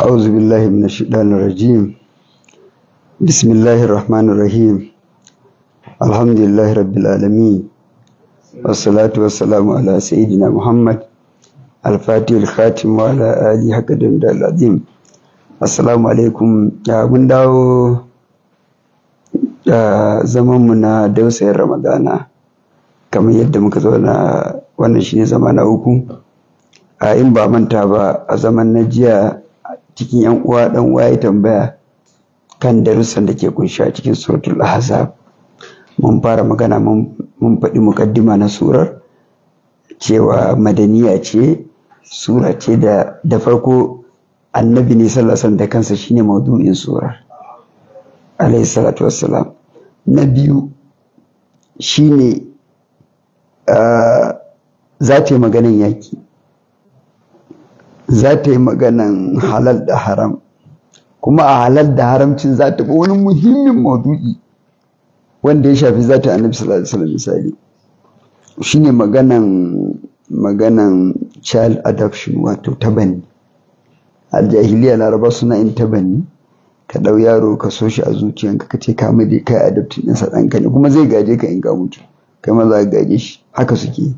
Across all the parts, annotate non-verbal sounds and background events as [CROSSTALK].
أعوذ بالله من الشيطان الرجيم بسم الله الرحمن الرحيم الحمد لله رب العالمين والصلاة والسلام على سيدنا محمد الفاتح الخاتم وعلى آله حق الدمد العظيم السلام عليكم يا من داو زمانmu na dausayin ramadana kamar yadda muka zo na wannan shine zama na uku A in ba manta ba a zaman na jiya cikin yan uwa dan waye tambaya kan darussan da ke kunshi a cikin suratul ahzab mun fara magana mun faɗi mukaddima na surar cewa madaniya ce sura ce da da farko annabi ne sallallahu da kansa shine maudu'in surar alaihi salatu wassalam na biyu shine ah, za ta yi maganin yaki za ta yi maganan halal da haram kuma a halal da haramcin za ta bi wani muhimmin maudu'i wanda ya shafi za zata annabi sallallahu alaihi misali shine maganan maganan child adoption wato tabani Aljahiliya na laraba suna yin tabani ka ɗau yaro ka so shi a zuciyanka ka ce ka mai kai adoptin ɗinsa ɗanka ne kuma zai gaje ka in ga mutu kai ma za ka gaje shi haka suke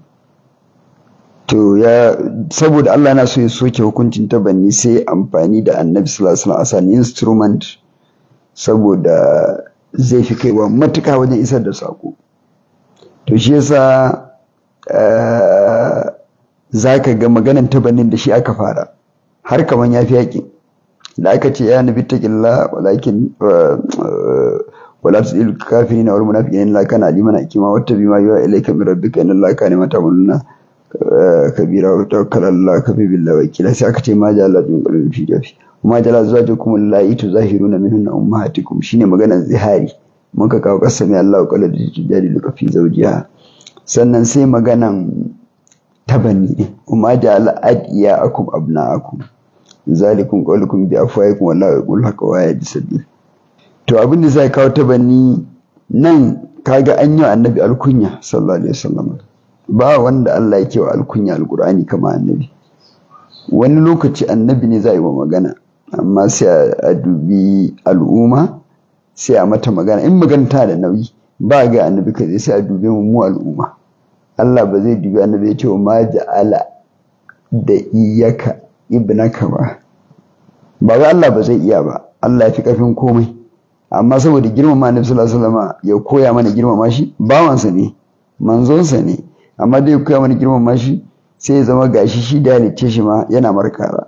to ya saboda Allah na so ya soke hukuncin banni sai amfani da annabi sallallahu alaihi wasallam instrument saboda zai fi kaiwa matuka wajen isar da sako to shi yasa eh, za ka ga maganan tabannin da shi aka fara har kaman ya fi yakin. da aka ce ya nabi ta killa walakin eh, wala su kafirin wal na la kana limana kima wata bima yiwa ilayka min rabbika inna Allah kana mata Eh, kabira wa kalalla Allah ka fi billahi wakila sai aka ce ma jala shi qalbi fi jafi kuma jala zajukum allati tuzahiruna minhunna shi shine maganar zihari muka kawo kasami Allah qala tijari da fi zaujiya sannan sai maganan tabani umma jala abna akum zalikum qawlukum bi afwaikum wallahu yaqul haqa wa yadsabi to abin da zai kawo tabanni nan kaga an yi annabi alkunya sallallahu alaihi wasallam ba wanda Allah yake wa alkunya alkur'ani kama annabi wani lokaci annabi ne za yi wa magana amma sai a dubi al'umma sai a mata magana in magana ta da nauyi ba ga annabi ka zai sai a dube mu mu al'umma Allah ba zai dubi annabi ya ce wa ma da iyaka ibnaka ba ba ga Allah ba zai iya ba Allah ya fi karfin komai amma saboda girmama annabi sallallahu alaihi wasallam ya koya mana girmama shi bawansa ne manzonsa ne amma dai koya mana girmama shi sai ya zama gashi shi da ce shi ma yana markawa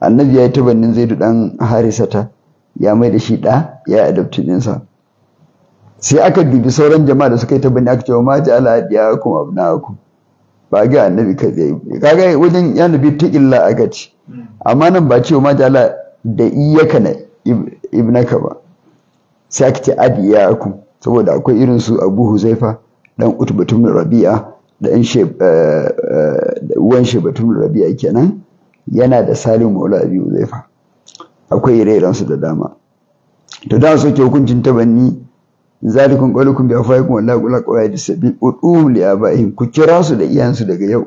annabi ya yi tabannin zaidu dan harisata ya mai da shi da ya adabci sa. sai aka dubi sauran jama'a da suka yi tabanni aka wa ma ja'ala ya kuma abna'akum ba ga annabi kai tsaye kaga wajen ya nabi ta illa aka ci amma nan ba cewa ma ja'ala da iyaka na ibnaka ba sai aka ce adiyakum saboda akwai irin su Abu Huzaifa dan Utbatun Rabi'a dan eh, eh, uwan batun rabia kenan yana da salim maula abi uzaifa akwai ire su da dama to da soke hukuncin tabanni zalikun qalukum bi afaikum wallahi qul qawaid sabil udum li abaihim ku kira su da iyansu daga yau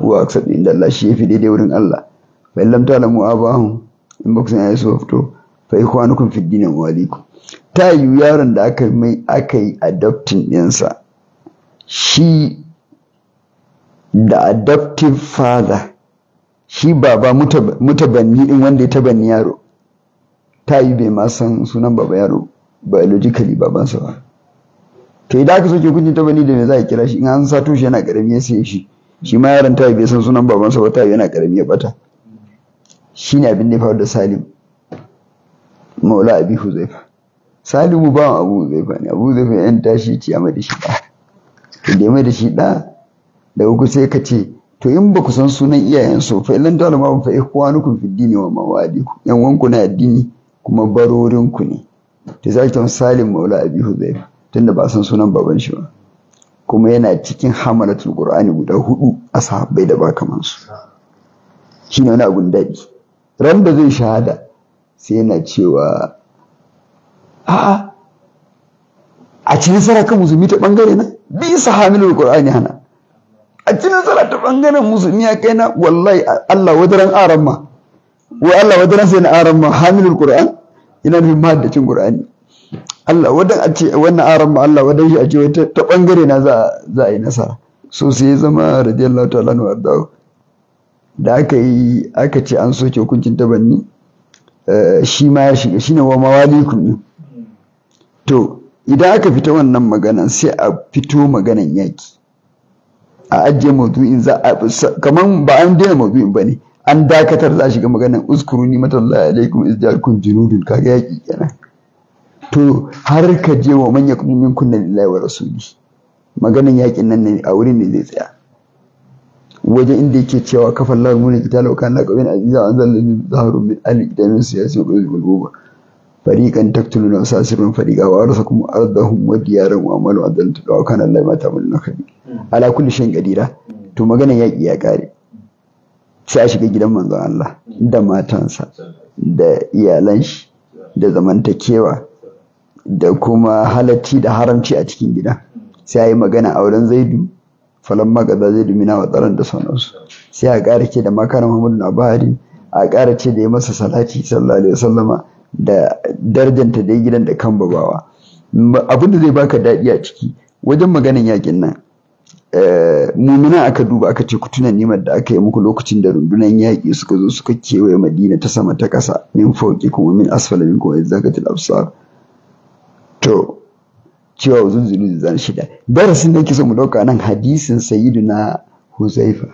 wa aksabu inda Allah shi yafi daidai wurin Allah fa illam ta'lamu abahum in ba ku san ayi to fa ikwanukum fi dinin walikum ta yi yaron da aka mai aka yi adopting ɗinsa shi da adoptive father shi baba mutabanni din wanda ya tabanni yaro ta yi bai ma san sunan baba yaro biologically babansa ba to idan aka soke kuncin tabanni da me za a kira shi in an sa tushe yana karami ya sai shi shi ma yaron ta yi bai san sunan babansa ba ta yi yana karami ya bata shi ne abin da ya faru da salim maula abi huzaifa salimu ba abu huzaifa ne abu huzaifa yan tashi ciyama da shi ɗa da mai da shi ɗa Da ku sai ka ce to in ba ku san sunan iyayen su fa illan dole ma fa nuku fi dini wa ku yan wanku na addini kuma barorin ku ne to zai ta salim maula abi hudayr tunda ba san sunan baban shi ba kuma yana cikin hamalatul qur'ani guda hudu a sahabbai da ba kaman su shine wani abun daɗi ran da zai shahada sai yana cewa a'a a cikin sarakan musulmi ta bangare na bi sahamilul qur'ani hana a ci nasara ta bangaren musulmi ya kai na wallahi Allah wadaran aran ma wai Allah wadaran sai na aran ma hamilul qur'an ina nufin mahaddacin qur'ani Allah wadan a ce wannan aran ma Allah wadan shi a ce ta bangare na za za a yi nasara so sai ya zama radiyallahu ta'ala anhu ardahu da aka yi aka ce an soke hukuncin tabanni eh, shi ma ya shiga shine wa mawali din to idan aka fita wannan maganan sai a fito maganan yaki a ajiye maudu'in za a kaman ba an daina maudu'in ba ne an dakatar za a shiga maganar uskuru ni matallahi alaikum izjarkun junudun kaga yaki kenan to har ka je wa manya kumin kunna lillahi wa rasuli maganan yakin nan ne a wurin ne zai tsaya Waje inda yake cewa kafallahu mun kitalo kana qawin aziza anzalna zaharun min al idamin siyasi wa qulubul فريقا تقتلون وأساسرون فريقا وأرثكم أرضهم وديارهم وأموالهم أدلت وكان الله mun تعملون خبير Ala كل شيء قديرة to magana yaƙi ya ƙare sai a shiga gidan manzon Allah da matansa da iyalan shi da zamantakewa da kuma halatti da haramci a cikin gida sai a yi magana auren zaidu falon magaza zai duminawa wa tsaron da sauransu sai a ƙara ce da makarar muhammadu na bahari a ƙara ce da ya masa salati sallallahu alaihi wasallama da darajanta dai gidan da kan babawa abin da zai baka daɗi a ciki wajen maganan yakin nan eh, mumina aka duba aka ce ku nimar da aka yi muku lokacin da rundunan yaƙi suka zo suka kewaye madina ta sama ta ƙasa min fauki kuma min asfala min kuma zakatul absar to cewa uzun zulu zan shida darasin da kisa mu dauka nan hadisin sayyiduna huzaifa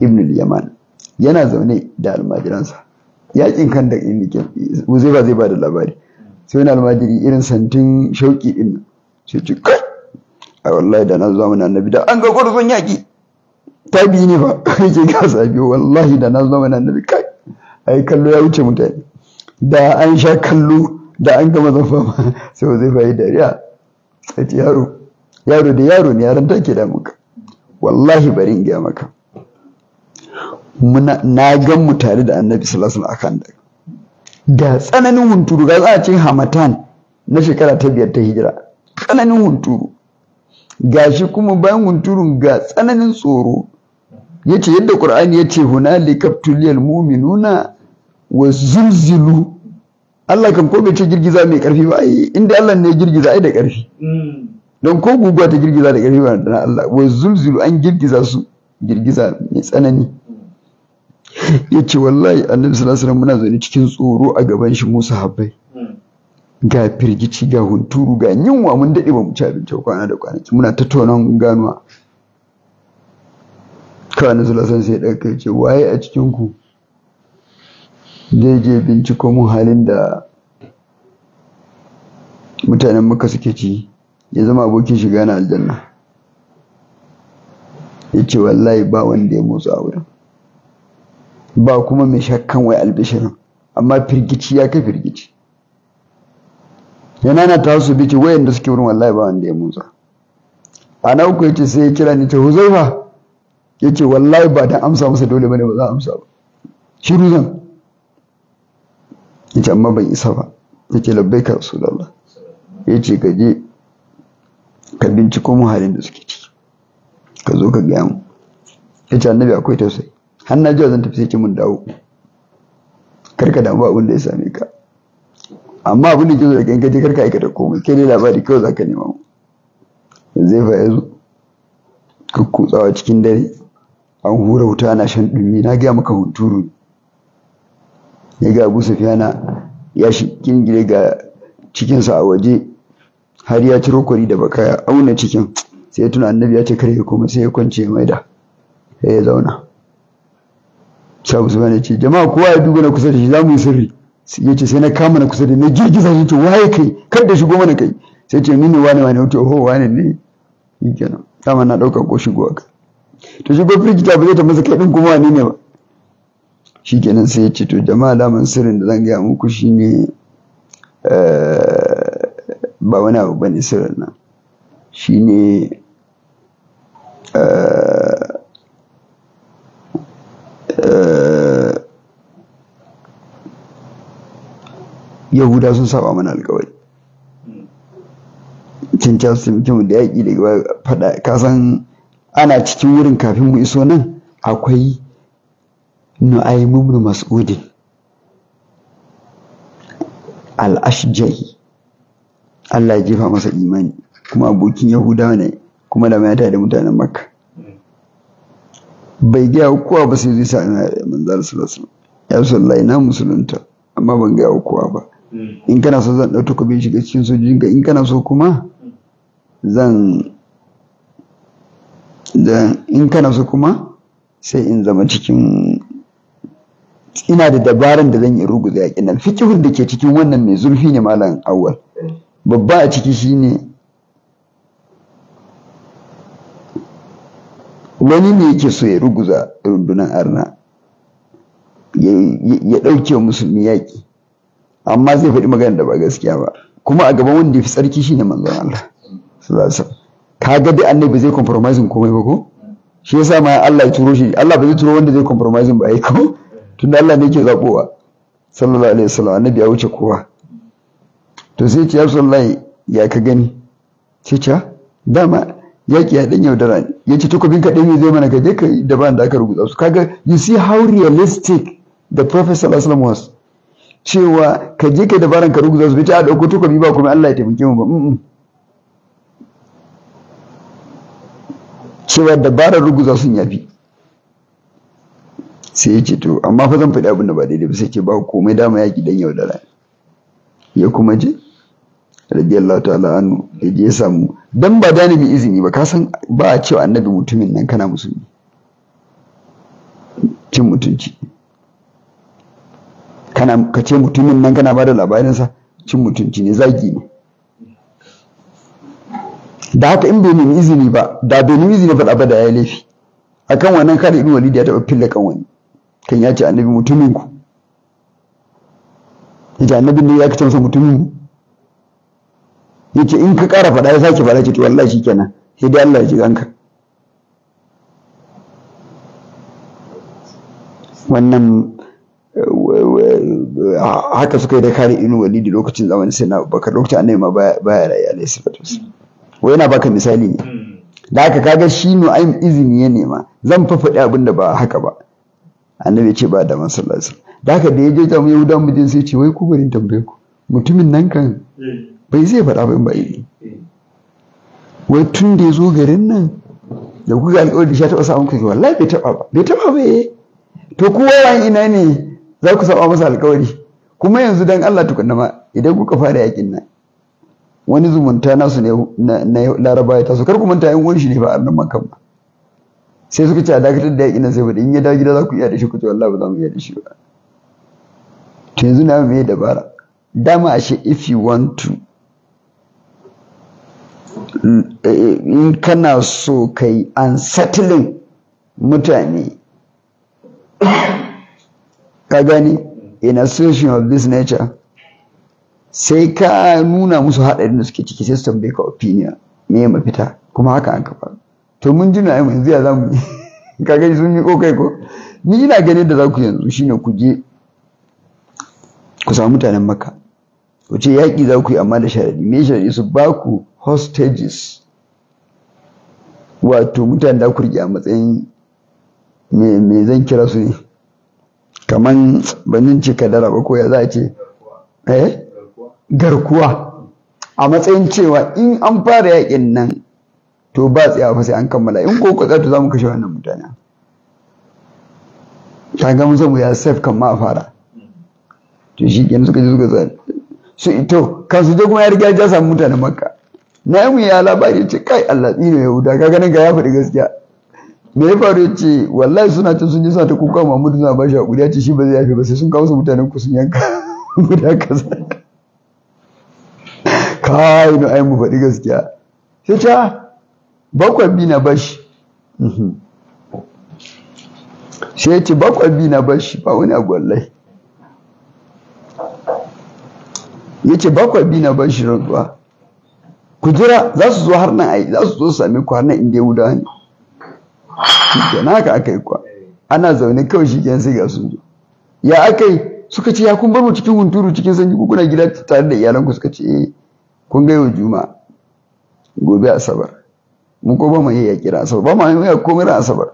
ibn al-yaman yana zaune da almajiransa yakin kan da zai ba zai ba da labari sai wani almajiri irin santin shauki din sai ci kai a wallahi da na zuwa mana annabi da an ga gwarzon yaki ta biyu ne ba [LAUGHS] yake ga sabi wallahi da na zuwa mana annabi kai ai kallo ya wuce mutane da an sha kallo da an gama zafa ma [LAUGHS] sai zai yi dariya sai yaro yaro da yaro ne yaran take da muka wallahi bari in gaya maka muna na gan mu tare da annabi sallallahu alaihi wasallam da tsananin hunturu ga za a ce hamatan na shekara ta biyar ta hijira tsananin hunturu gashi kuma bayan hunturun ga tsananin tsoro yace yadda qur'ani yace hunalika tuliyal mu'minuna wa zulzilu Allah kan ko bai ce girgiza mai karfi ba ai inda Allah ne girgiza ai da karfi mm. don ko guguwa ta girgiza da karfi ba na Allah wa zulzilu an girgiza su girgiza mai tsanani ya ce wallahi annabi sallallahu alaihi muna zaune cikin tsoro a gaban shi musa habbai ga firgici ga hunturu ga yunwa mun daɗe ba mu ci abinci kwana da kwanaki muna tattaunawa ganuwa kawai na zulasan sai ɗaga kai ce waye a cikin ku zai je binciko mun halin da mutanen maka suke ci ya zama abokin shiga na aljanna ya wallahi ba wanda ya motsa a wurin ba kuma mai shakkan wai albishirin amma firgici ya kai firgici yana na ta su bici wayan da suke wurin wallahi ba wanda ya motsa a na uku yace sai ya kira ni ce huzaifa yace wallahi ba da amsa masa dole bane ba za a amsa ba shiru Ya yace amma ban isa ba yace labbaika lalla yace ka je ka binciko mu halin da suke ciki ka zo ka gaya mu yace annabi akwai tausayi har jiwa zan tafi sai mun dawo karka damu abin da ya same ka amma abin da ke zo da kan karka aikata komai kai ne labari kawai ka nema mu zai fa zo, ka kutsawa cikin dare an hura wuta na shan dumi na gaya maka hunturu ya ga Abu Sufyana ya shi kingire ga cikinsa a waje har ya ci kwari da baka ya auna cikin sai tuna annabi ya ce kare ya koma sai ya kwance ya maida sai ya zauna shabu usman ya ce jama'a kowa ya duba na kusa da shi za mu yi sirri ya ce sai na kama na kusa da na girgiza shi ce waye kai kar da shigo mana kai sai ce mini wane wane wuce oho wane ne yi kenan dama na ɗauka ko shigo aka to shigo firgita ba zai ta masa kai ɗin kuma wane ne ba shi kenan sai ya ce to jama'a daman sirrin da zan gaya muku shi shine eh, ba wani abu bane sirrin nan shine eh, yahuda sun saba mana alkawari kin su mutum da yaƙi da faɗa kasan ana cikin wurin kafin mu iso nan akwai nu'aym ibn mas'ud al Allah ya jefa masa imani kuma abokin Yahuda ne kuma da mai da mutanen makka bai gaya kowa ba sai zai sa ina manzara sallallahu ya sallai na musulunta amma ban gaya kowa ba in kana so zan ɗau takobin shiga cikin ka in kana so kuma zan in kana so kuma sai in zama cikin ina da dabaran da zan yi ruguza yaƙin nan fikihun da ke cikin wannan mai zurfi ne malam awwal babba a ciki shine wani ne yake so ya ruguza rundunar arna ya ɗauke musulmi yaƙi amma zai faɗi magana da ba gaskiya ba kuma a gaban wanda ya fi tsarki shine manzon Allah sallallahu alaihi wasallam dai annabi zai compromising komai ba ko shi yasa ma Allah ya turo shi Allah ba zai turo wanda zai compromising ba ai ko tunda Allah ne yake zabowa sallallahu alaihi wasallam annabi ya wuce kowa to sai ce ya sallallahu ya ka gani ce ce dama yaki ya dan yaudara ne yace bin ka dai zai mana ka je ka da ban da aka rubuta su kaga you see how realistic the prophet sallallahu alaihi wasallam was cewa ka je kai dabaran ka ruguza su ta a dauko tukumi ba kuma Allah ya taimake mu ba cewa dabarar ruguza sun yafi sai ya ce to amma fa zan faɗi abin da ba daidai ba sai ce ba komai dama yaki dan yau da yaudara ya kuma je radiyallahu ta'ala anhu ya je ya samu dan ba dani bi izini ba ka san ba a cewa annabi mutumin nan kana musulmi cin mutunci kana ka ce mutumin nan kana ba da labarinsa cin mutunci ne zagi ne da haka in bai nemi izini ba da bai nemi izini ba da ya laifi akan wannan kada ibn walid ya taba fille kan wani kan ya ce annabi mutumin ku yace annabi ne ya kace masa mutumin yace in ka kara faɗa ya sake faɗa ce to wallahi shikenan sai dai Allah ya ji ganka wannan haka suka yi da kare inu da lokacin zamanin sai na bakar lokacin annai ma baya rayu alaihi salatu wai yana baka misali ne hmm. da haka kaga shi ayin izini ya nema zan fafaɗi abinda abin da ba haka ba annabi ce ba da man sallallahu alaihi da haka da ya je jami'a yahuda mujin sai ce wai ku bari tambaye ku mutumin nan kan hmm. bai zai faɗa ba in ba yi hmm. wai tun da ya zo garin nan da ga alƙawarin da shi ya taɓa samun kai wallahi bai taɓa ba bai taɓa ba eh. to kowa ina ne za ku saba masa alkawari kuma yanzu dan Allah tukunna ma idan kuka fara yakin nan wani zumunta nasu ne na laraba ya taso kar ku manta yan wanshi ne ba annan makan ba sai suka ce a dakatar da yakin nan sai in ya dawo gida za ku iya da shi ku ce wallahi ba za mu iya da shi ba to yanzu na mai dabara dama ashe if you want to in kana so kai unsettling mutane ka gani in association of this nature sai ka nuna musu haɗarin da suke ciki sai su tambaye ka opinion me mafita kuma haka an kafa to mun ji na yanzu ya za mu [LAUGHS] ka gani sun yi kokai ko ni ina ganin da za ku yanzu shine ku je ku samu mutanen maka ku ce yaƙi za ku yi amma da sharadi me sharadi su ba ku hostages wato mutane da ku riƙe a matsayin me zan kira su ne kaman banin ce kadara ba ko ya za ce eh garkuwa a matsayin cewa in an fara yakin nan to ba tsaya ba sai an kammala in ko kwatsa to za mu kashe wannan mutane ta ga mun samu ya sef kan ma a fara to shi kenan suka ji suka za su kan su je kuma ya riga ya samu mutane makka na yi ya labari ce kai Allah tsine yahuda ga ganin ga ya faɗi gaskiya me ya faru ce wallahi suna cin sun ji sa ta kuka Muhammadu na bashi hakuri ya ce shi ba zai yafe ba sai sun kawo su mutanen ku sun yanka [LAUGHS] guda kaza kai no ai mu faɗi gaskiya sai ta ah, bakwai bi na bashi mhm. sai ya ce bakwai bi na bashi ba wani abu wallahi ya ce bakwai bi na bashi rantsuwa ku jira za su zo har nan ai za su zo su same ku har nan inda ya wuda ne shi aka yi kwa ana zaune kawai shi ke sai ga sun zo ya aka yi suka ce ya kun bar mu cikin hunturu cikin sanyi ku kuna gida tare da iyalanku suka ce eh kun ga yau juma gobe asabar mun ko ba mu ya kira asabar ba mu iya komai ran asabar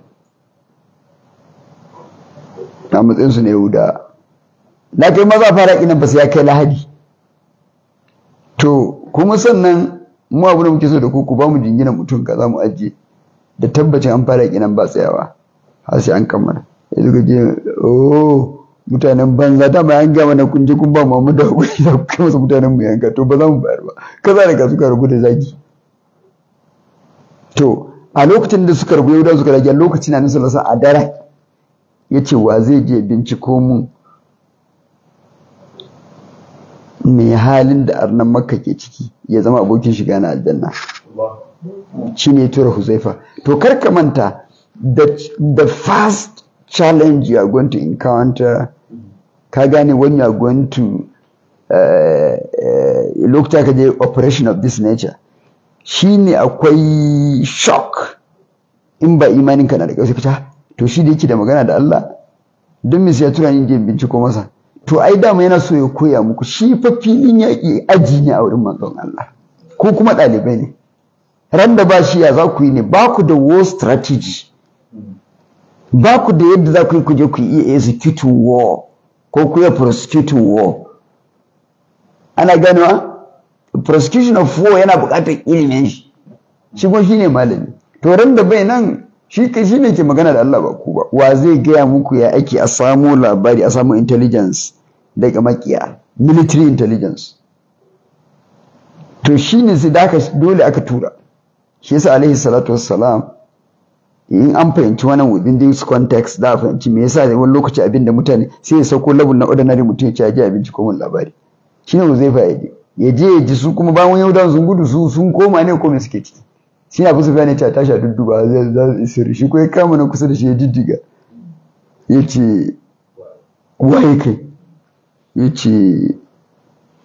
na matsayin su ne yahuda na kai maza fara kinan ba sai ya kai lahadi to kuma sannan mu abu da muke so da ku ku ba mu jingina mutum za mu ajiye da tabbacin an fara kinan ba tsayawa har sai an kammala ya zuka je oh mutanen banza dama an gama na kunje kun ba mu da hakuri da kai masa mutanen mu yanka to ba za mu bayar ba kaza da suka rubu da zaki to a lokacin da suka rubu da suka rage lokacin nan sallallahu alaihi a dare yace wa zai je binciko mun me halin da arnan makka ke ciki ya zama abokin shiga na aljanna shi ne tura huzaifa to kar ka manta the first challenge you are going to encounter ka gane when you are going to eh, eh, lokacin je operation of this nature shi ne akwai shock in ba imanin ka na da kyau fita to shi da yake da magana da Allah don me sai ya tura ni je binciko masa to ai dama yana so ya koya muku shi fa filin yaƙi aji ne a wurin manzon Allah ko kuma ɗalibai ne Randa ba shi ya za ku yi ne ba ku da war strategy ba ku da yadda za ku yi kuje ku iya execute war ko ku iya prosecute war ana ganewa prosecution of war yana buƙatar ilimin shi shi kuma shine malami to randa bai nan shi kai ne ke magana da Allah ba ku ba wa zai gaya muku ya ake a samu labari a samu intelligence daga makiya military intelligence to ne sai da aka dole aka tura shi yasa alaihi salatu wassalam in an fahimci wannan within this context da fahimci me yasa wani lokaci abin da mutane sai ya sauko labun na ordinary mutum ya ci aje abinci ko mun labari shi ne ya je ya je ya ji su kuma ba mun yaudan sun gudu su sun koma ne ko me suke ciki shi na fusa bayani ta tashi a dudduba za su shi ko ya kama na kusa da shi ya diddiga? ya ce waye kai ya ce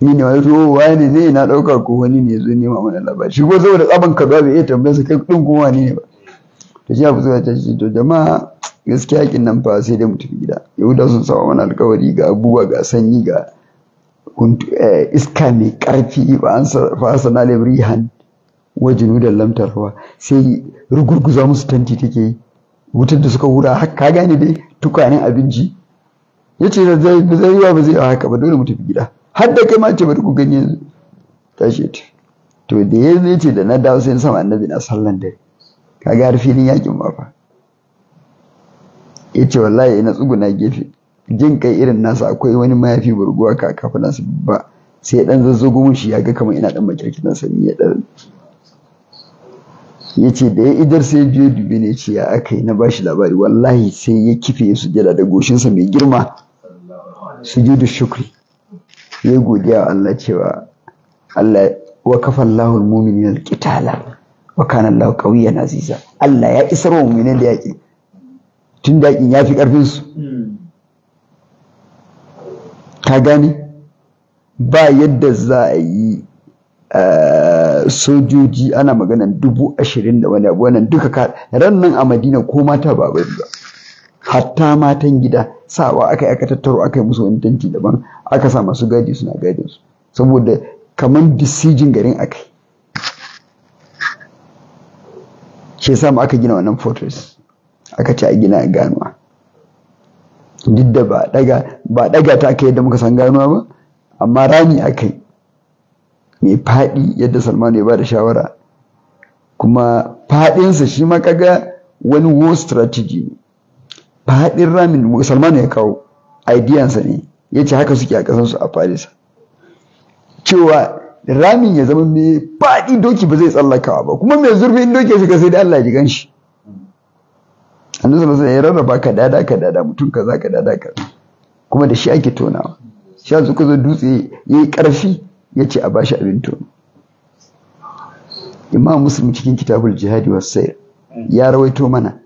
ni ne wato wani ne na ɗaukar ko wani ne zo nema mana labari shi ko saboda tsaban ka bai iya tambayar su kai kudin ko wani ne ba Ta shi ya zuwa ta shi to jama'a gaskiya kin nan fa sai dai mu tafi gida yahuda sun saba mana alkawari ga abubuwa ga sanyi ga eh, iska mai ƙarfi ba an da na rihan wajinu da lamtarwa sai rugurguza musu tanti take wutar da suka hura ka gane dai tukwanen abinci ya ce da zai yi wa ba zai haka ba dole mu tafi gida har da kai ma ce bari ku gani yanzu tashi ta to da ya zai ce da na dawo sai sama annabi na sallan dare ga har filin yakin ma fa ya ce wallahi ina tsuguna gefe jin kai irin nasa akwai wani mayafi burguwa ka kafa nasu ba sai ya dan zazzago mun shi ya ga kamar ina dan nan sanyi ya dan ya ce da ya idar sai biyo dubi ne ce ya aka yi na bashi labari wallahi sai ya kife su jira da goshinsa mai girma Su da shukri ya godiya wa Allah cewa Allah wa kafa muminina al-qitala wa kana Allahu qawiyyan aziza Allah ya isar wa mu'minin da yaki tun da yakin yafi karfin su ka gane ba yadda za a yi eh, sojoji ana maganan dubu ashirin da wani abu wannan duka ran nan a madina ko mata ba ba hatta matan gida sawa aka aka tattaro aka yi musu wani daban aka sa masu gadi suna gadin su saboda kamar disijin garin aka yi shi aka gina wannan fortress aka ci a gina a ganuwa duk da ba daga ta aka yadda muka san ganuwa ba amma rami aka yi mai faɗi yadda salmanu ya ba da shawara kuma faɗinsa shi ma kaga wani war strategy ne faɗin ramin musulman ya kawo aidiyansa ne ya ce haka suke a ƙasansu a faris cewa ramin ya zama mai faɗi doki ba zai tsallakawa ba kuma mai zurfin doki shiga sai da Allah ya ji shi annabi sallallahu alaihi ya rarraba ka dada ka dada mutum za ka dada ka kuma da shi ake tonawa shi yanzu kuzo dutse yayi Ya ce a bashi abin tono imam muslim cikin kitabul jihadi was sayr ya rawaito mana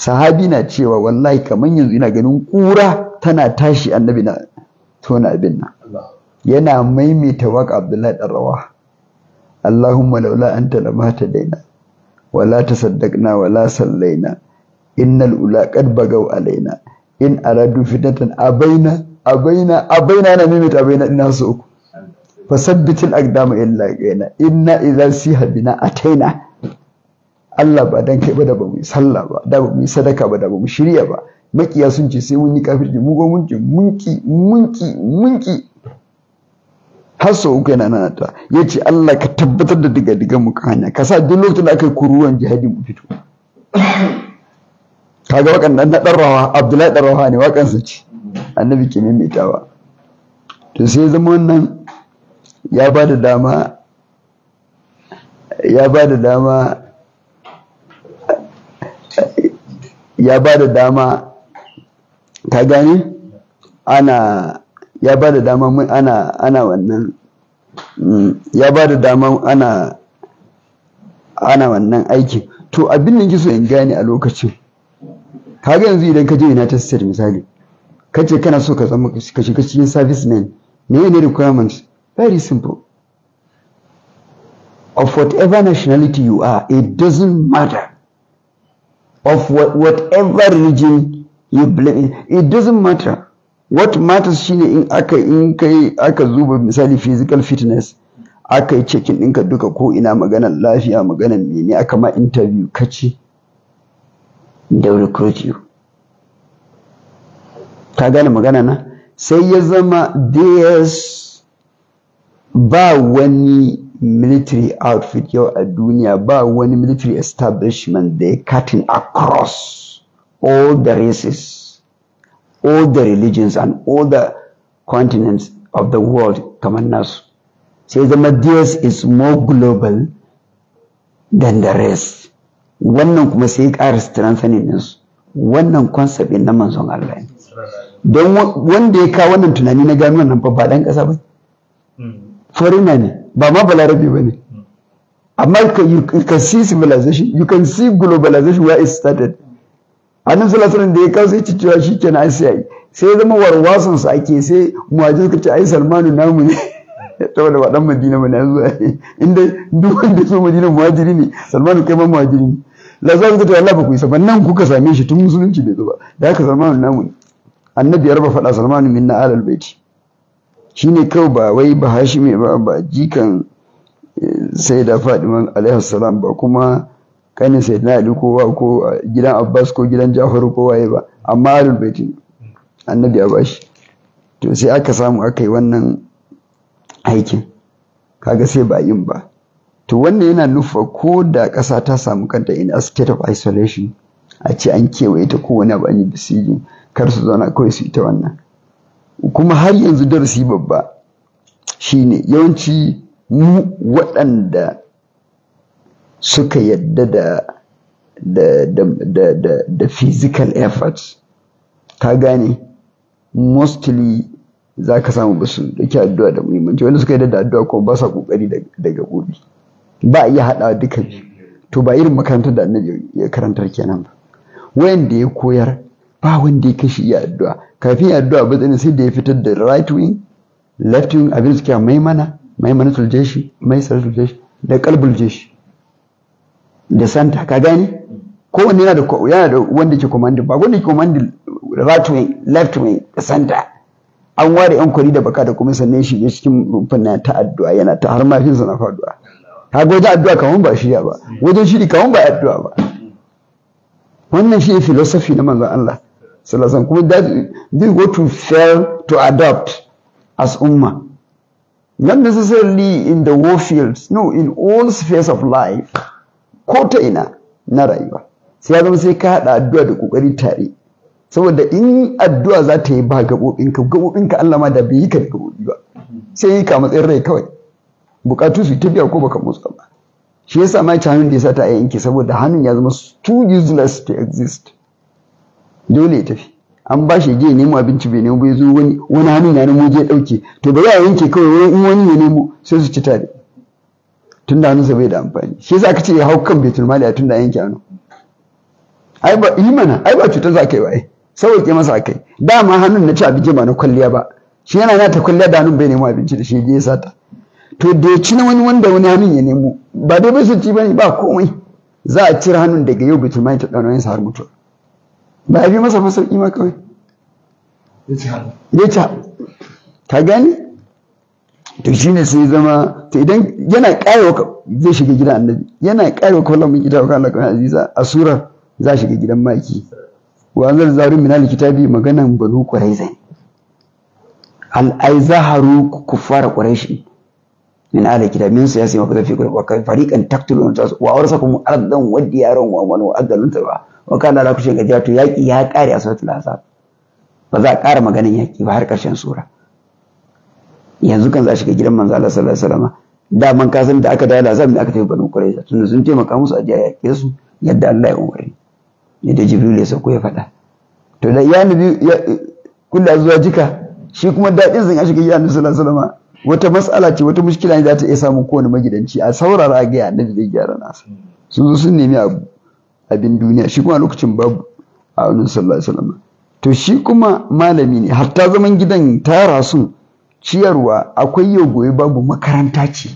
sahabi na cewa wallahi kamar yanzu ina ganin kura tana tashi annabi na tona abin nan yana maimaita waka abdullahi dan rawa allahumma laula anta lamata daina wala tasaddaqna wala sallaina innal ula qad bagaw alaina in aradu fitnatan abaina abaina abaina na maimaita abaina ina su uku fasabbitil aqdama illa qaina inna idza siha bina ataina Allah ba dan kai ba da bamu sallah ba da bamu sadaka ba da bamu shirya ba makiya sun ce sai mun yi kafirci mu go mun ce munki munki munki yana nan ta ya ce Allah ka tabbatar da diga diga mu kan ka sa duk lokacin da aka yi kuruwan jihadi mu fito kaga wakan nan na dan rawa Abdullahi dan rawa ne wakan sa ce annabi ke maimaitawa to sai zama wannan ya ba da dama ya ba da dama ya ba da dama ta gane ana ya ba da dama ana ana wannan mm, ya ba da dama ana ana wannan aikin to abin da so in gane a lokacin ga yanzu idan ka je United States misali ka ce kana so ka zama ka shiga cikin service men me ne requirements very simple of whatever nationality you are it doesn't matter of what, whatever religion you believe it doesn't matter what matters shine in aka in kai aka zuba misali physical fitness aka yi cikin ɗinka duka ko ina maganar lafiya maganar mene aka ma interview kaci da recruit you ka gane magana na sai ya zama there's ba wani military outfit yau a duniya ba wani military establishment da ya cutting across all the races all the religions and all the continents of the world kamar nasu sai zama theirs is more global than the rest wannan kuma sai ƙara strengthening Nasu. wannan concept in na manzon Allah ne don wanda ya kawo wannan tunani na gano wannan babba ba ɗan ƙasa ba hmm. foreigner ne ba ma balarabi ba ne amma you can see civilization you can see globalization where it started annan salasalan da ya kawo sai cewa shi ke na asiya sai zama warwasan su ake sai muwajin suka ce ai salmanu namu ne [LAUGHS] ta wadda waɗan madina ba na zuwa inda duk wanda ke madina muwajiri ne salmanu kai ma muwajiri ne lazar zata, ce Allah ba ku isa ba nan kuka same shi tun musulunci bai zuba. da haka salmanu namu ne annabi ya raba faɗa salmanu minna alal baiti Shi ne kawai ba wai ba mai ba ba jikan eh, sai da fadiman alaihi salam ba kuma kanin sai na ali kowa ko gidan abbas ko gidan jafaru kowa ya ba amma ahlul baiti annabi ya bashi to sai aka samu aka yi wannan aikin kaga sai ba yin ba to wannan yana nufa ko da ƙasa ta samu kanta in a state of isolation a ce an kewaye ta kowane abu an yi kar su zauna kawai su ita wannan kuma har yanzu darasi babba shine yawanci mu waɗanda suka yadda da da da da physical efforts ka gane mostly za ka samu basu su ke addu'a da muhimmanci wanda suka yadda da addu'a kuma ba sa ƙoƙari daga gobe ba a iya haɗawa duka to ba irin makarantar da annabi ya karantar kenan ba wanda ya koyar ba wanda ya kashi iya addu'a kafin ya addu'a ba sai da ya fitar da right wing left wing abin suke mai mana mai mana suljeshi mai sarar da kalbul jeshi da santa ka ko kowanne yana da yana da wanda ke commanding ba wanda ke commanding right wing left wing da santa an ware yan kuri da baka da kuma sannan shi cikin rumfin na ta addu'a yana ta har mafin sa na faduwa ka ga wajen addu'a kaman ba shiya ba wajen shiri kaman ba addu'a ba wannan shi philosophy na manzon Allah sallallahu kuma that go to fail to adopt as ummah not necessarily in the war fields no in all spheres of life ko ta ina na rayuwa sai ya zama sai ka haɗa addu'a da ƙoƙari tare saboda in addu'a za ta yi ba gaɓoɓinka gaɓoɓinka Allah ma da bai yi ka da gaɓoɓi ba sai yi ka matsayin rai kawai buƙatu su ta ko baka motsa ba shi yasa ma canin da ya sa ta yanke saboda hannun ya zama too useless to exist dole ya tafi an ba shi je nemo abinci bai nemo bai zo wani wani hannun ya nemo je dauke to ba za a yanke kawai wani in wani ya nemo sai su ci tare tunda sa bai da amfani shi yasa aka ce ya hau kan baitul mali a tunda yanke hannu ai ba yi mana ai ba cutar za ka yi waye ke masa akai dama hannun na ci abinci ba na kwalliya ba shi yana na ta kwalliya da hannun bai nemo abinci da shi ya ya sata to da ya ci na wani wanda wani hannun ya nemo ba dai bai su ci bane ba komai za a cire hannun daga yau baitul mali ta ɗan har mutuwa ba a fi masa masauki ima kawai ya ci ta gani to shi ne sai zama to idan yana ƙarewa zai shiga gidan annabi yana ƙarewa kawai min gida wa kawai kawai aziza a surar za shiga gidan maki wa zar zaru min alkitabi maganan banu quraiza al ai zaharu kuffara quraishi min alkitabi min siyasi ma kuzafi quraishi fariqan taqtulun wa arsakum ardan wa diyaran wa man wa adalun taba wa kana la kushe gajiya to yaki ya kare a suratul ahzab ba za a ƙara maganin yaki ba har ƙarshen sura yanzu kan za a shiga gidan manzo Allah sallallahu alaihi wasallam da man kasan da aka dawo da azab da aka tafi banu qurayza tunda sun taimaka musu ajiya jiya yake su yadda Allah ya umarni ne da jibril ya sauko ya faɗa to da ya nabi kullu zuwa jika shi kuma da zan sun shiga gidan annabi sallallahu alaihi wasallam wata mas'ala ce wata mushkila ne za ta iya samun kowane magidanci a saurara a ga annabi da gyara nasa sun zo sun nemi abu abin duniya shi kuma lokacin babu a wani sallallahu to shi kuma malami ne hatta zaman gidan tara sun ciyarwa akwai yau gobe babu makaranta ce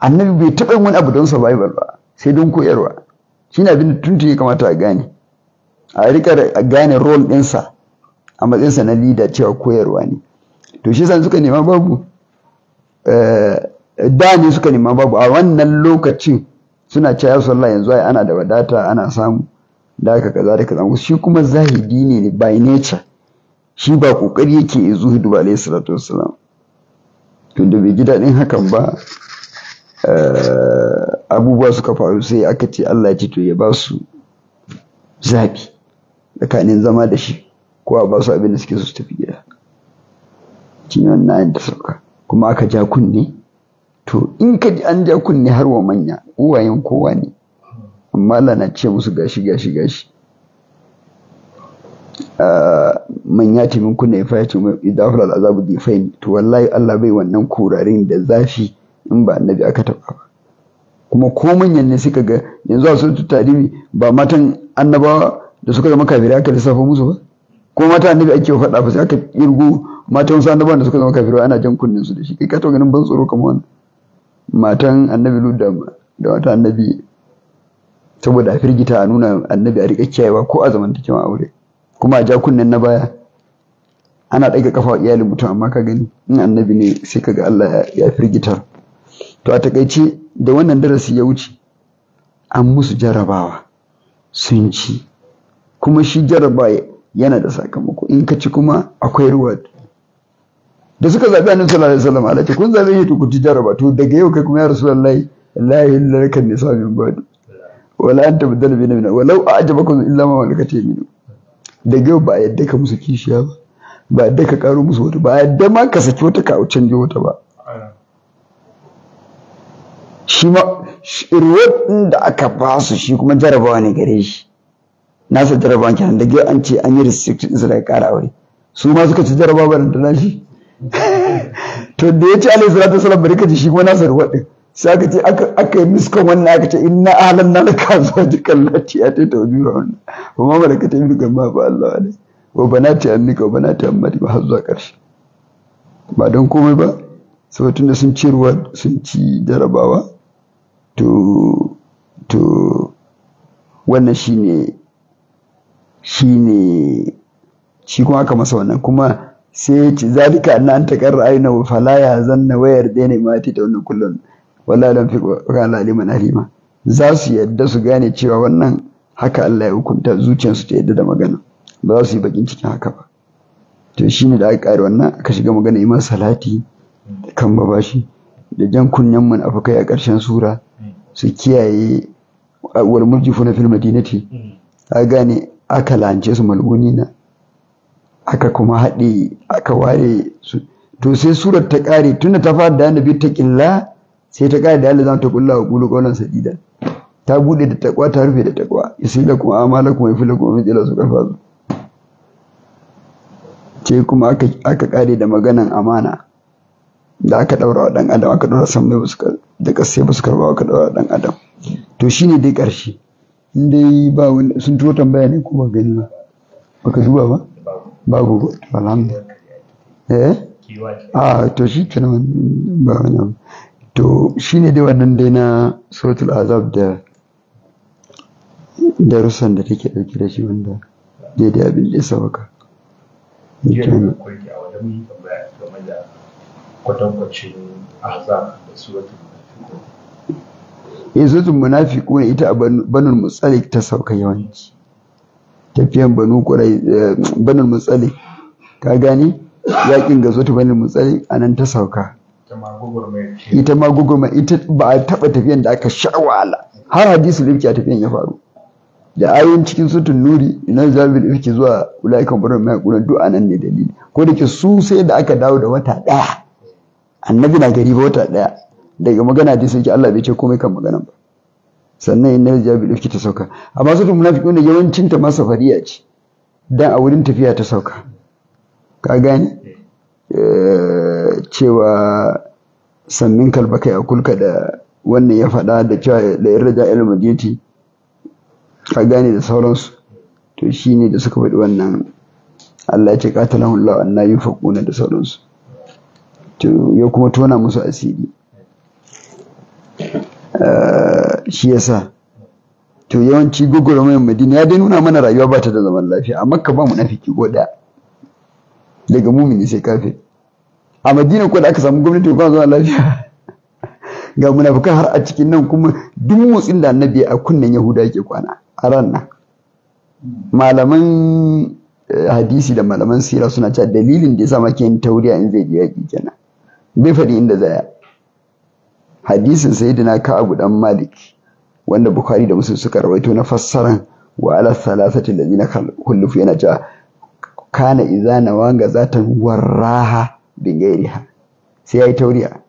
annabi bai taɓa wani abu don survival ba sai don koyarwa shi ne abin da tuntun ya kamata a gane a rika gane role ɗinsa a matsayinsa na leader cewa koyarwa ne to shi san suka nema babu eh, da ne suka nema babu a wannan lokacin suna cewa ya sallah yanzu ai ana da wadata ana samu da haka kaza da kaza shi kuma zahidi ne by nature shi ba kokari yake yi zuhudu ba alayhi salatu wassalam tunda bai ji daɗin hakan ba eh, abubuwa suka faru sai aka ce Allah ya ce to ya basu su zabi tsakanin zama da shi ko a ba su abin da suke su tafi gida shi da sauka kuma aka ja kunne to in ka ji an ja kunne har wa manya uwayen kowa ne amma lana ce musu gashi gashi gashi ah, manya ce min kunne ya fayace mai idafar al'azabu da fayin to wallahi Allah bai wannan kurarin da zafi in ba annabi aka taɓa ba kuma ko manyan ne suka ga yanzu a sun tarihi ba matan annabawa da suka zama kafirai aka lissafa musu ba ko mata annabi ake faɗa ba sai aka irgo matan wasu annabawan da suka zama kafirai ana jan kunnen su da shi kai ka taɓa ganin ban tsoro kamar wannan matan annabi lut da da wata annabi saboda a firgita a nuna annabi a riƙa kiyayewa ko a zamantakewa aure kuma a ja kunnen na baya ana ɗaga kafa iyalin mutum amma ka gani in annabi ne sai kaga Allah ya firgita to a takaice da wannan darasi ya wuce an musu jarabawa sun ci kuma shi jarabawa yana da sakamako in ka ci kuma akwai reward da suka zabi annabi sallallahu alaihi wasallam Allah ce kun zabe ne to ku ci jaraba to daga yau kai kuma ya rasulullahi la lallai kan ne sami ba'du wala anta badal bi nabina walau a'jabakum illa ma malakati min. daga yau ba yadda ka musu kishiya ba ba yadda ka karo musu wata ba yadda ma ka saki wata ka canje wata ba shi ma ruwan da aka basu shi kuma jarabawa ne gare shi nasa jarabawa kenan daga yau an ce an yi restricted din su da ƙara aure su ma suka ci jarabawa ba da nashi [LAUGHS] to da ya ce alayhi salatu wasalam bari ka ji shi kuma nasar waɗin sai aka ce aka yi miskon wannan aka ce inna alam na laka [LAUGHS] zuwa jikan lati ya ta wajen wannan ba ma malaka ta yi ma ba Allah ne ba na ta annaka ba na ta ammati ba har zuwa ƙarshe ba don komai ba sau da sun ci ruwa sun ci jarabawa to to wannan shine shine shi kuma aka masa wannan kuma sai ya ce zalika anna qarra ayna wa fala zanna wa ne ma ta wannan kullun wala lam fi qala liman alima za su yadda su gane cewa wannan haka Allah ya hukunta zuciyarsu ta yadda da magana ba za su yi bakin cikin haka ba to shine da aka kare wannan aka shiga magana imam salati kan babashi da jan kunyan munafikai a karshen sura su kiyaye wal murjifuna fil madinati hmm. a gane aka lance su na. aka kuma haɗe aka ware su to sai surar ta ƙare tunda ta fara da annabi ta ƙilla sai ta ƙare da Allah zan ta kulla wa kulu qawlan sadida ta bude da takwa ta rufe da takwa kuma amalakum wa yafilakum min ila su kafa ce kuma aka aka ƙare da maganan amana da aka ɗaura wa ɗan adam aka ɗaura san buska da buska ba su aka ɗaura ɗan adam to shine dai ƙarshe indai dai ba sun turo tambaya ne ko ba gani ba baka duba ba babu alhamdu eh a ah, to shi kenan ba wani to shine dai wannan dai na suratul azab da darussan da take dauke da shi wanda da abin da ya sabaka kwatankwacin azab da eh, suratul munafiqun ita a banul mutsalik ta sauka yawanci tafiyan banu kurai eh, banul mutsali ka gani? yakin ga zota banin mutsali a nan ta sauka ita ma gugurma ita ba a taba tafiyan da aka sha wahala har hadisi lifki a tafiyan ya faru da ayoyin cikin sutun nuri nan zabil ifki zuwa ulaikan barin mai kuran duk nan ne dalili ko da ke su sai da aka dawo da wata daya annabi na gari ba wata daya daga magana da sai Allah bai ce komai kan magana ba sannan inna hijabi dauki ta sauka amma suratul munafiquna yawancin ta ma safariya ce dan a wurin tafiya ta sauka ka gane eh, cewa sannin kai a kulka da wannan ya faɗa da cewa da yin raja ilmu ka gane da sauransu to shi ne da suka faɗi wannan Allah ya ce qatalahum na yi yufaquna da sauransu to ya kuma tona musu asiri shi yasa to yawanci mai madina ya dai nuna mana rayuwa ba ta da zaman lafiya a makka ba mu fiki ko ɗaya daga mumini sai kafe a madina ko da aka samu gwamnati ba zaman lafiya [LAUGHS] ga munafika har a cikin nan kuma duk motsin da annabi a kunnen yahuda yake kwana a ran nan malaman eh, hadisi da malaman sira suna cewa dalilin da ya sa maka yin tauriya in zai je yaƙi kenan bai faɗi inda zaya hadisin sayyidina ka'abu dan Malik wanda Bukhari da Muslim suka rawaito na fassaran wa ala thalathati alladhina kullufu yana cewa kana idza nawanga zata warraha bin gairiha sai yayi tauriya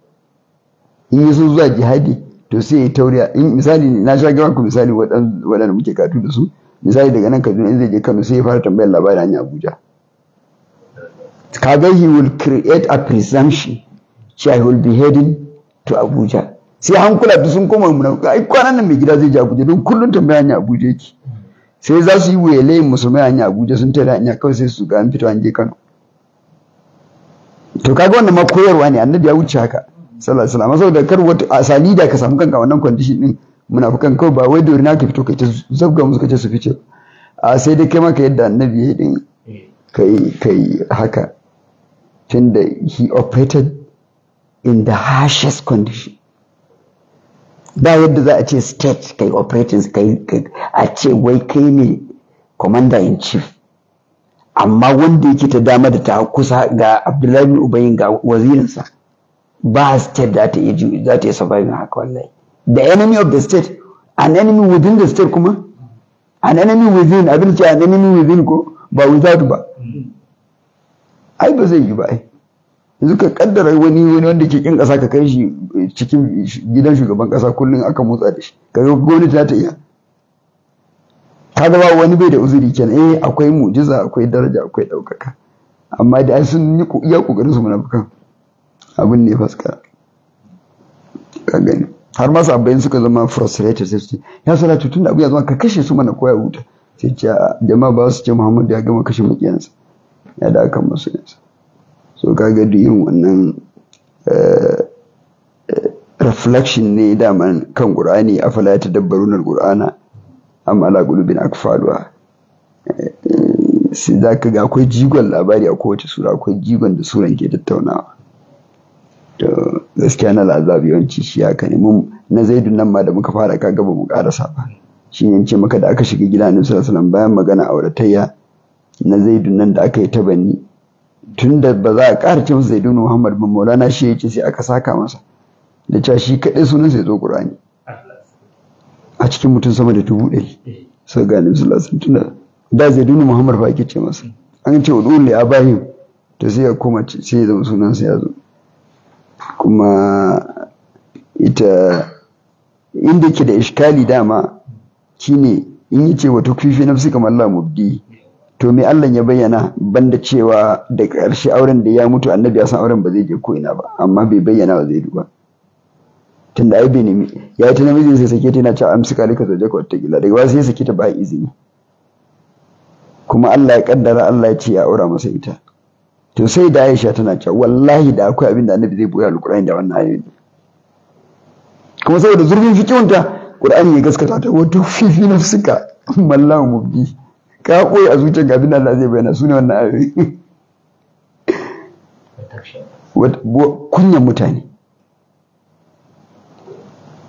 in yi sun zuwa jihadi to sai yayi tauriya in misali na sha gaban ku misali waɗanda muke katu da su misali daga nan Kaduna in zai je Kano sai ya fara tambayar labarin hanyar Abuja kaga he will create a presumption she will be heading to Abuja sai hankula duk sun koma mun ai kwanan nan mai gida zai ji Abuja don kullun tambaya hanya Abuja yake sai za su yi wele musulmai hanya Abuja sun tada hanya kawai sai su ga an fito an je Kano to kaga wannan ma koyarwa ne annabi ya wuce haka sallallahu alaihi wasallam saboda kar wata asali da ka samu kanka wannan condition din munafukan kawai ba wai dori na ka fito kai ta zabga musu kace su fice a sai dai kai maka yadda annabi ya din eh. kai kai haka tunda he operated in the harshest condition ba yadda za a ce state kai operations kai a ce wai kai ne commander in chief amma wanda yake ta dama da ta kusa ga abdullahi ubayin ga wazirinsa ba state za ta yi za ta iya surviving haka wallahi the enemy of the state an enemy within the state kuma an enemy within abin ce an enemy within ko ba without ba ai ba zai yi ba ai yanzu ka kaddara wani wani wanda ke kin kasa ka kai shi cikin gidan shugaban kasa kullum aka motsa da shi ka ga gwamnati za ta iya Ta ba wani bai da uzuri kenan eh akwai mujiza akwai daraja akwai daukaka amma da sun yi iya kokarin su bukan abin ne faska ka gani har ma sabbin suka zama frustrated sai su ya salatu da abu ya zama ka kashe su mana koya wuta sai ce jama'a ba su ce Muhammadu ya gama kashe mukiyansa ya da aka masu yansa so kaga duk irin wannan eh, eh, reflection ne daman kan qur'ani afala na qur'ana amma ala gulubin akfaluwa sai eh, za ka ga akwai jigon labari a kowace sura akwai jigon da suran ke tattaunawa to gaskiya na lazabi yawanci shi haka ne mun na zaidu nan ma da muka fara kaga ba mu karasa ba shi ne ce maka da aka shiga gida annabi sallallahu alaihi bayan magana auratayya na zaidu nan da aka yi ta bani tunda ba za a ƙara ce masa Zaidu Muhammad ba Maulana shi yake sai aka saka masa da cewa shi kaɗai sunan sai zo Qur'ani a cikin mutum sama da dubu ɗari sai ga Annabi sallallahu alaihi da Zaidu Muhammad ba ake ce masa an ce dole ya abahim to sai ya koma sai ya zama sunan sai ya zo kuma ita inda ke da iskali dama shine in yace wa na nafsi kamar Allah mubdi to me Allah ya bayyana banda cewa da ƙarshe auren da ya mutu annabi ya san auren ba zai je ko ina ba amma bai bayyana ba zai duba tunda ai bai nemi ya ta namiji sai sake ta yana cewa amsi kalika zo je ko ta gila daga wasu sai sake ta ba izini kuma Allah ya kaddara Allah ya ce ya aura masa ita to sai da Aisha tana cewa wallahi da akwai abin da annabi zai boye alƙur'ani da wannan ayoyi kuma saboda zurfin fikihunta Qur'ani ya gaskata ta wato fifi na nafsika [LAUGHS] mallahu mubdi ka koyi a zuciyar abin da Allah zai bayyana su ne wannan ayoyi kunyan mutane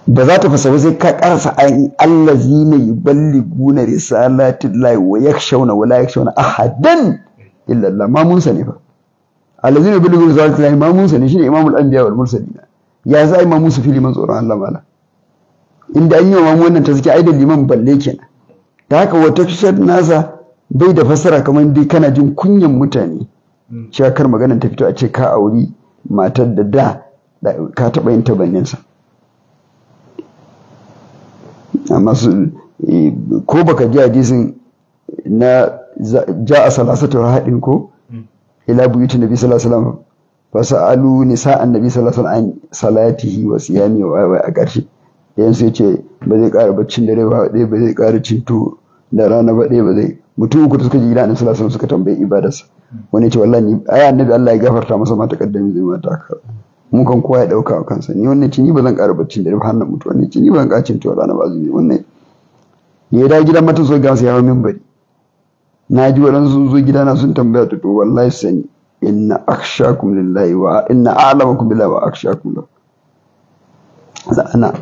ba za ta fasa sai ka karasa ayin allazi ne balli guna risalatin lai wa ya shauna wa la ya shauna hadin illallah mamunsa ne ba fa allazi ne balli guna risalatin lai mamunsa ne shi ne imamul anbiya wal mursalina ya za a yi mamunsa fili man tsoron Allah mala inda an yi wa mamun wannan ta zaki ai da liman balle kenan da haka wata tafsir nasa bai da fasara kamar dai kana jin kunyan mutane hmm. cewa kar maganar ta fito a ce ka auri matar da da ka taɓa yin tabanninsa amma su e, ko baka ji hadisin na ja a salasatu haɗin ko hmm. ila buyutu nabi sallallahu alaihi wasallam fa sa'alu nisa annabi sallallahu alaihi wasallam salatihi wa siyami wa a ƙarshe yanzu ce. ba zai ƙara baccin dare ba ɗaya ba zai ƙara cinto da rana ba ɗaya ba zai mutum uku suka ji gidan sallallahu alaihi suka tambayi ibadarsa wani ce wallahi ni ai annabi Allah ya gafarta masa ma takaddami zai mata haka mun kan kowa ya dauka kansa ni wannan ci ni ba zan ƙara baccin dare ba har mutuwa mutu wannan ni ba zan ƙara cinto rana ba zai wannan ya da gidan mata so ga su min bari. na ji waɗansu zo gidana sun tambaya ta to wallahi sani inna akhshakum lillahi wa inna a'lamakum billahi wa akhshakum lahu ana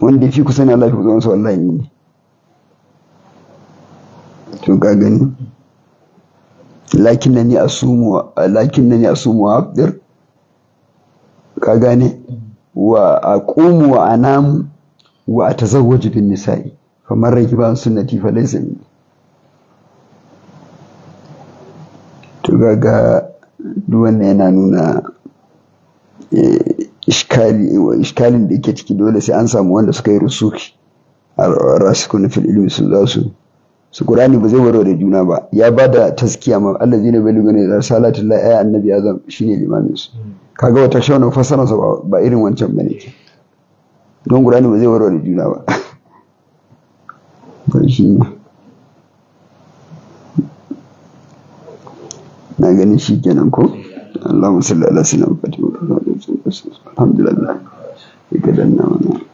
wanda ya fi kusa Allah lafi kusa wallahi ne to ka gani lakin na ni asumu lakin na ni asumu abdir ka gane wa aqumu wa anam wa atazawwaju bin nisa'i faman rakiban sunnati fa laysa minni to ga duk wannan yana nuna eh, iskali iskalin da yake ciki dole sai an samu wanda suka yi rusuki rasikun fil ilmi sun za su su kurani ba zai waro da juna ba ya ba da taskiya ma Allah da baligana rasalatullahi ay annabi azam shine limamin su hmm. kaga wata shauna fasara ba irin wancan bane don kurani ba zai waro da juna ba na ganin shi kenan ko Allahumma salli ala sayyidina Muhammad musunuz? Elhamdülillah. İlk edenle